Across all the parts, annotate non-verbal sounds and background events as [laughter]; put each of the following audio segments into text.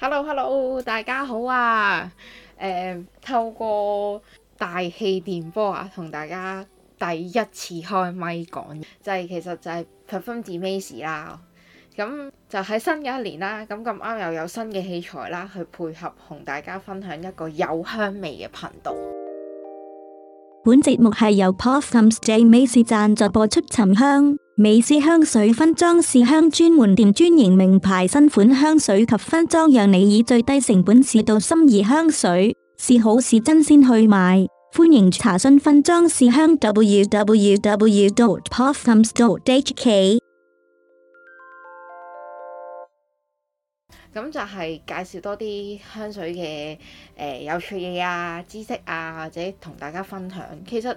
Hello，Hello，hello, 大家好啊！誒、嗯，透過大氣電波啊，同大家第一次開咪講，就係、是、其實就係 Puff and Jay Macy 啦。咁、嗯、就喺新嘅一年啦，咁咁啱又有新嘅器材啦，去配合同大家分享一個有香味嘅頻道。本節目係由 Puff and Jay Macy 贊助播出《沉香》。美詩香水分裝試香專門店，專營名牌新款香水及分裝，讓你以最低成本試到心儀香水，試好試真先去買。歡迎查詢分裝試香 www dot perfumes dot hk。咁就係介紹多啲香水嘅誒、呃、有趣嘢啊、知識啊，或者同大家分享。其實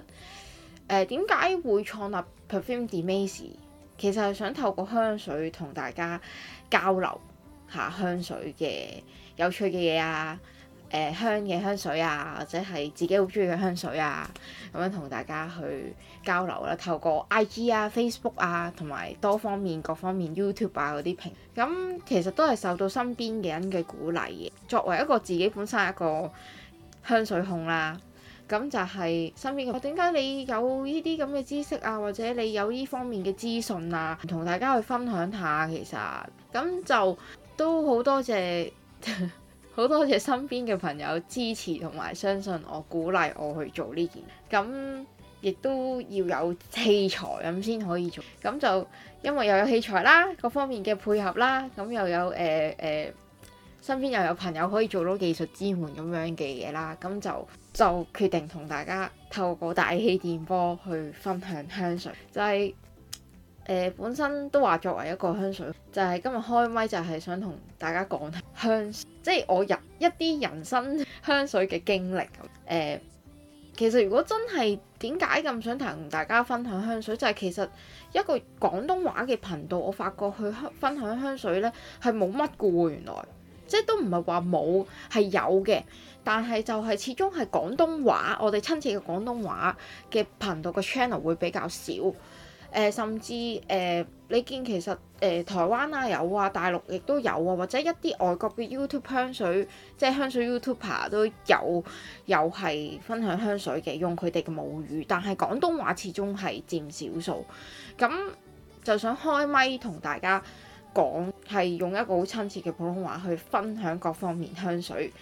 誒，點、呃、解會創立？Perfume De Macy 其實係想透過香水同大家交流下、啊、香水嘅有趣嘅嘢啊，誒、呃、香嘅香水啊，或者係自己好中意嘅香水啊，咁樣同大家去交流啦。透過 IG 啊、Facebook 啊，同埋多方面各方面 YouTube 啊嗰啲評，咁其實都係受到身邊嘅人嘅鼓勵嘅。作為一個自己本身一個香水控啦。咁就係身邊嘅朋友，點解你有依啲咁嘅知識啊？或者你有依方面嘅資訊啊，同大家去分享下。其實咁就都好多謝好多謝身邊嘅朋友支持同埋相信我，鼓勵我去做呢件。咁亦都要有器材咁先可以做。咁就因為又有器材啦，各方面嘅配合啦，咁又有誒誒。呃呃身邊又有朋友可以做到技術支援咁樣嘅嘢啦，咁就就決定同大家透過大氣電波去分享香水，就係、是、誒、呃，本身都話作為一個香水，就係、是、今日開咪，就係想同大家講香，即係我入一啲人生香水嘅經歷咁誒、呃。其實如果真係點解咁想同大家分享香水，就係、是、其實一個廣東話嘅頻道，我發覺去香分享香水呢係冇乜嘅喎，原來。即係都唔係話冇，係有嘅，但係就係始終係廣東話，我哋親切嘅廣東話嘅頻道嘅 channel 會比較少。誒、呃、甚至誒、呃、你見其實誒、呃、台灣啊有啊，大陸亦都有啊，或者一啲外國嘅 YouTube 香水，即係香水 YouTuber 都有，又係分享香水嘅，用佢哋嘅母語，但係廣東話始終係佔少數，咁就想開咪同大家講。係用一個好親切嘅普通話去分享各方面香水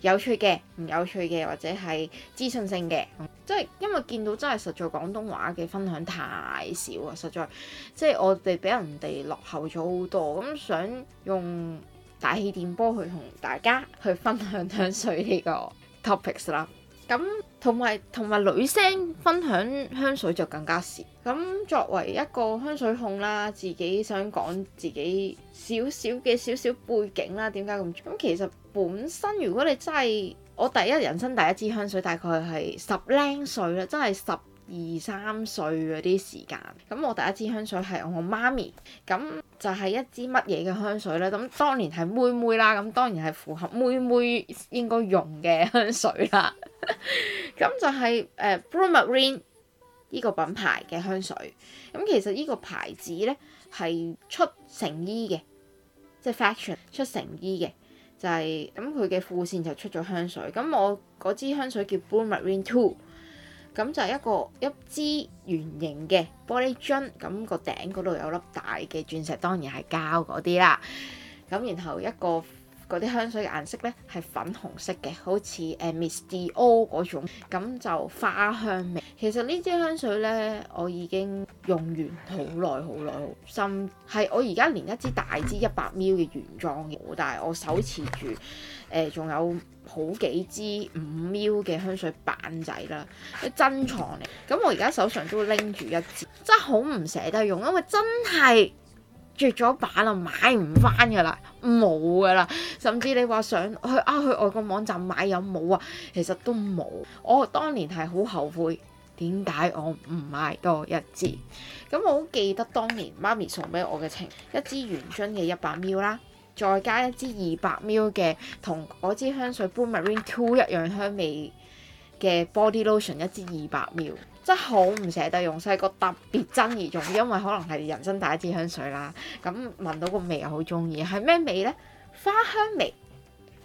有趣嘅、唔有趣嘅或者係資訊性嘅，嗯，即係因為見到真係實在廣東話嘅分享太少啊！實在即係我哋俾人哋落後咗好多，咁、嗯、想用大氣電波去同大家去分享香水呢個 topic 啦。咁同埋同埋女聲分享香水就更加是咁，作為一個香水控啦，自己想講自己少少嘅少少背景啦，點解咁？咁其實本身如果你真係我第一人生第一支香水，大概係十零歲啦，真係十二三歲嗰啲時間。咁我第一支香水係我媽咪咁。就係一支乜嘢嘅香水咧？咁當年係妹妹啦，咁當然係符合妹妹應該用嘅香水啦。咁 [laughs] 就係、是、誒、呃、Blumarine 依個品牌嘅香水。咁其實呢個牌子咧係出成衣嘅，即、就、係、是、fashion 出成衣嘅，就係咁佢嘅副線就出咗香水。咁我嗰支香水叫 Blumarine Two。咁就係一個一支圓形嘅玻璃樽，咁個頂嗰度有粒大嘅鑽石，當然係膠嗰啲啦。咁然後一個。嗰啲香水嘅顏色咧係粉紅色嘅，好似誒、呃、Miss Dior 嗰種咁就花香味。其實呢支香水咧，我已經用完好耐好耐，深係我而家連一支大支一百 mL 嘅原裝嘅，但係我手持住誒仲、呃、有好幾支五 mL 嘅香水板仔啦，珍藏嚟。咁我而家手上都拎住一支，真係好唔捨得用，因為真係～絕咗版啦，買唔返㗎喇，冇㗎喇，甚至你話想去啊去外國網站買有冇啊，其實都冇。我當年係好後悔，點解我唔買多一支？咁我好記得當年媽咪送俾我嘅情，一支原樽嘅一百 ml 啦，再加一支二百 ml 嘅同嗰支香水 Bleu Marine Two 一樣香味嘅 Body Lotion 一支二百 ml。真係好唔捨得用，細個特別珍而重，因為可能係人生第一支香水啦。咁聞到個味又好中意，係咩味呢？花香味，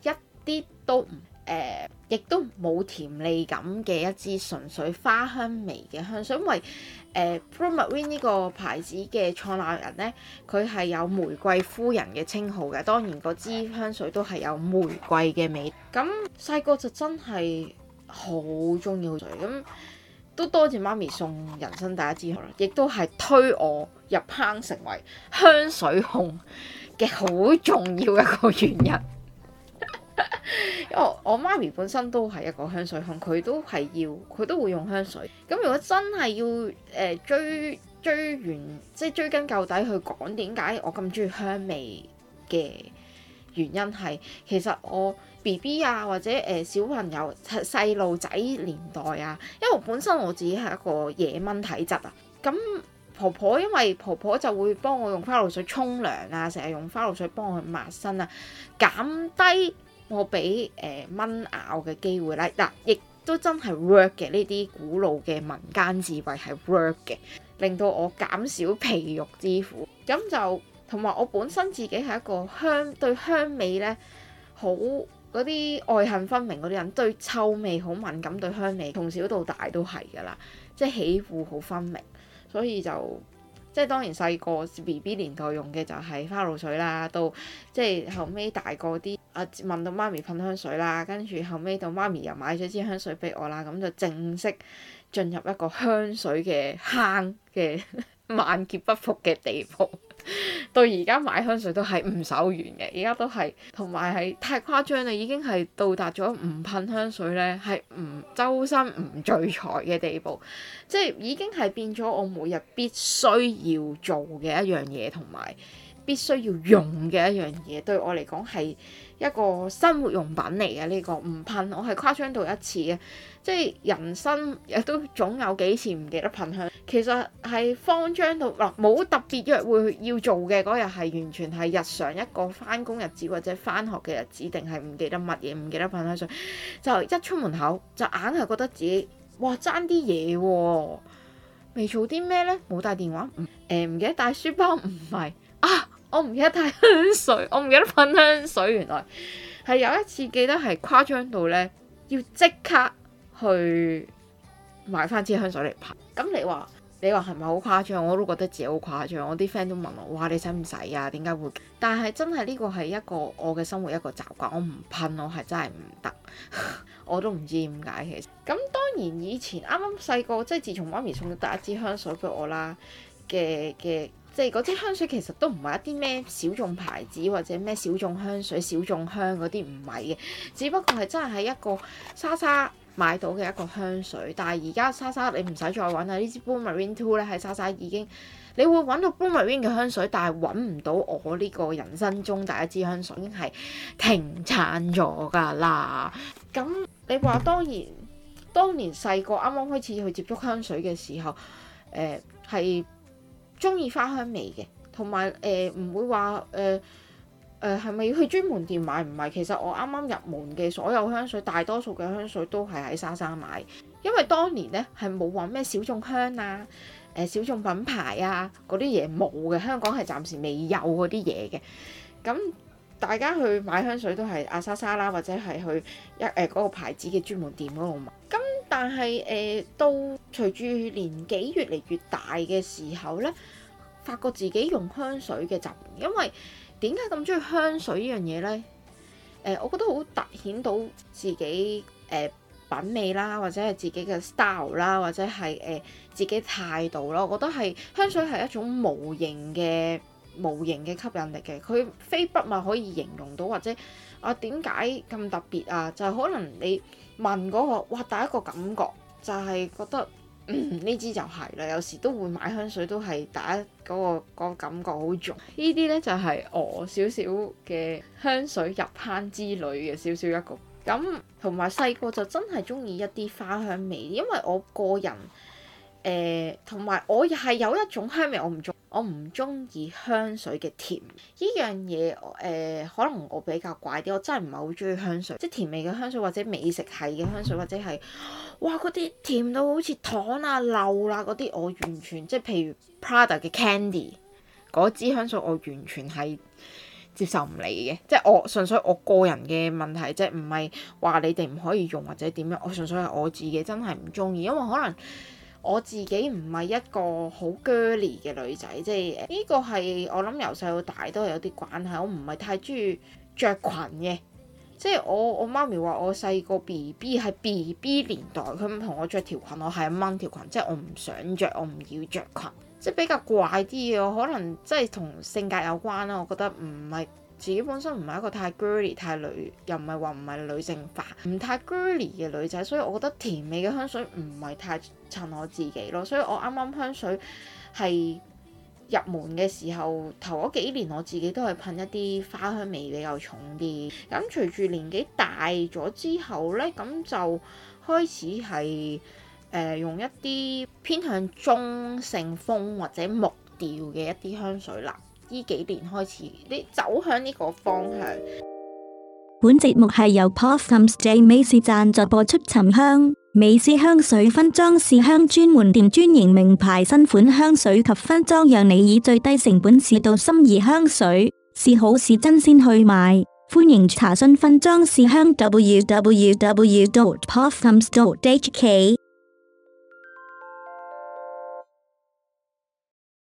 一啲都唔誒、呃，亦都冇甜味感甜膩感嘅一支純粹花香味嘅香水。因為 p r o m a w i n 呢個牌子嘅創立人呢，佢係有玫瑰夫人嘅稱號嘅，當然嗰支香水都係有玫瑰嘅味。咁細個就真係好中意佢咁。都多謝媽咪送人生第一支香啦，亦都係推我入坑成為香水控嘅好重要一個原因。 [laughs] 因為我媽咪本身都係一個香水控，佢都係要佢都會用香水。咁如果真係要誒、呃、追追完，即係追根究底去講點解我咁中意香味嘅。原因係其實我 B B 啊或者誒、呃、小朋友細路仔年代啊，因為本身我自己係一個野蚊體質啊，咁婆婆因為婆婆就會幫我用花露水沖涼啊，成日用花露水幫我抹身啊，減低我俾誒、呃、蚊咬嘅機會咧。嗱，亦都真係 work 嘅，呢啲古老嘅民間智慧係 work 嘅，令到我減少皮肉之苦，咁就。同埋我本身自己係一個香對香味咧，好嗰啲愛恨分明嗰啲人，對臭味好敏感，對香味從小到大都係噶啦，即係喜惡好分明。所以就即係當然細個 B B 年代用嘅就係花露水啦，到即係後尾大個啲啊問到媽咪噴香水啦，跟住後尾到媽咪又買咗支香水俾我啦，咁就正式進入一個香水嘅坑嘅萬 [laughs] 劫不復嘅地步。 [laughs] 到而家買香水都係唔手軟嘅，而家都係，同埋係太誇張啦，已經係到達咗唔噴香水呢係唔周身唔聚財嘅地步，即係已經係變咗我每日必須要做嘅一樣嘢同埋，必須要用嘅一樣嘢，對我嚟講係一個生活用品嚟嘅呢個。唔噴，我係誇張到一次嘅，即係人生亦都總有幾次唔記得噴香。其實係慌張到，嗱冇特別約會要做嘅嗰日，係完全係日常一個翻工日子或者翻學嘅日子，定係唔記得乜嘢，唔記得噴香水，就一出門口就硬係覺得自己哇爭啲嘢喎，未做啲咩呢？冇帶電話，唔誒唔記得帶書包，唔係啊！我唔記得帶香水，我唔記得噴香水。原來係有一次記得係誇張到呢，要即刻去買翻支香水嚟噴咁你話你話係咪好誇張？我都覺得自己好誇張。我啲 friend 都問我：，哇，你使唔使啊？點解會？但係真係呢個係一個我嘅生活一個習慣。我唔噴，我係真係唔得。 [laughs] 我都唔知點解。其實咁，當然以前啱啱細個，即係自從媽咪送咗第一支香水俾我啦。嘅嘅，即係嗰支香水其實都唔係一啲咩小眾牌子或者咩小眾香水小眾香嗰啲，唔係嘅，只不過係真係一個莎莎買到嘅一個香水。但係而家莎莎你唔使再揾啦，呢支 Boo Marine Two 咧，喺莎莎已經你會揾到 Boo Marine 嘅香水，但係揾唔到我呢個人生中第一支香水已經係停產咗㗎啦。咁你話當然，當年細個啱啱開始去接觸香水嘅時候，誒、呃、係。中意花香味嘅，同埋誒唔會話誒誒係咪要去專門店買？唔係，其實我啱啱入門嘅所有香水，大多數嘅香水都係喺莎莎買，因為當年呢係冇話咩小眾香啊、誒、呃、小眾品牌啊嗰啲嘢冇嘅，香港係暫時未有嗰啲嘢嘅。咁大家去買香水都係阿莎莎啦，或者係去一誒嗰個牌子嘅專門店嗰度買。但係誒到隨住年紀越嚟越大嘅時候咧，發覺自己用香水嘅習慣，因為點解咁中意香水呢樣嘢呢？我覺得好突顯到自己誒、呃、品味啦，或者係自己嘅 style 啦，或者係誒、呃、自己態度咯。我覺得係香水係一種無形嘅無形嘅吸引力嘅，佢非筆墨可以形容到或者。啊點解咁特別啊？就係、是、可能你聞嗰、那個，哇！第一個感覺就係、是、覺得呢支、嗯、就係啦。有時都會買香水，都係第一嗰個,、那個那個感覺好重。呢啲呢就係、是、我少少嘅香水入坑之旅嘅少少一個。咁同埋細個就真係鍾意一啲花香味，因為我個人誒，同、呃、埋我又係有一種香味我唔鍾。我唔中意香水嘅甜，呢樣嘢誒、呃，可能我比較怪啲，我真係唔係好中意香水，即係甜味嘅香水，或者美食系嘅香水，或者係哇嗰啲甜到好似糖啊、漏啦嗰啲，我完全即係譬如 Prada 嘅 Candy 嗰支香水，我完全係接受唔嚟嘅，即係我純粹我個人嘅問題啫，即係唔係話你哋唔可以用或者點樣，我純粹係我自己真係唔中意，因為可能。我自己唔係一個好 girly 嘅女仔，即係呢個係我諗由細到大都係有啲關係。我唔係太中意着裙嘅，即係我我媽咪話我細個 BB 係 BB 年代，佢唔同我着條裙，我係掹條裙，即係我唔想着，我唔要着裙，即係比較怪啲嘅，可能即係同性格有關啦。我覺得唔係。自己本身唔係一個太 girly、太女，又唔係話唔係女性化、唔太 girly 嘅女仔，所以我覺得甜味嘅香水唔係太襯我自己咯。所以我啱啱香水係入門嘅時候，頭嗰幾年我自己都係噴一啲花香味比較重啲。咁隨住年紀大咗之後呢，咁就開始係誒、呃、用一啲偏向中性風或者木調嘅一啲香水啦。呢幾年開始，你走向呢個方向。本節目係由 Pufftimes Day 美詩贊助播出。沉香美詩香水分裝試香專門店專營名牌新款香水及分裝，讓你以最低成本試到心儀香水，試好試真先去買。歡迎查詢分裝試香 www.pufftimes.hk。